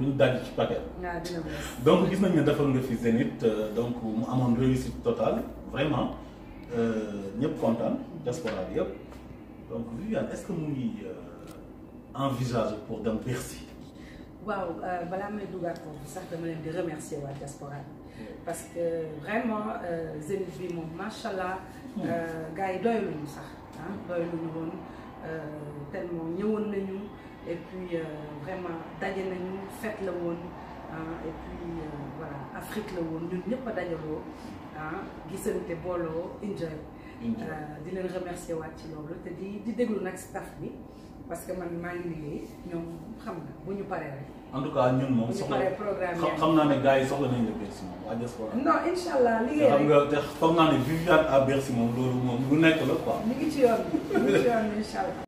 ñu daj ci paquet. Ah, donc gis nañ ne defal nga fi Zénith euh, donc mu amoon réussite totale vraiment euh, ñëpp kontaan diaspora bi yëpp donc Viviane est-ce mu ngi euh, envisage pour dem Bercy. waaw balaa may dugaat foofu sax dama leen di remercier waa diaspora parce que vraiment Zénith bi moom macha allah. Hmm. gars yi doyaluñu sax ah doyaluñu woon tellement. puis euh, vraiment daje nañu fête la woon et euh, Afrique la woon ñun ñëpp a dajaloo ah gisante booloo enjoy euh, di leen remercier waat ci loolu te di di déglu nag staff bi parce que man maa ngi liggéey ñoom xam na bu ñu paree rek. en tout cas ñun moom soxla xam naa ne gars yi soxla nañ la Bercy moom waa diaspora. non incha allah liggéey xam nga te foog naa ne Viviane à Bercy moom loolu moom lu nekk la quoi. ñu ngi ci yoon bi ngi ci yoon bi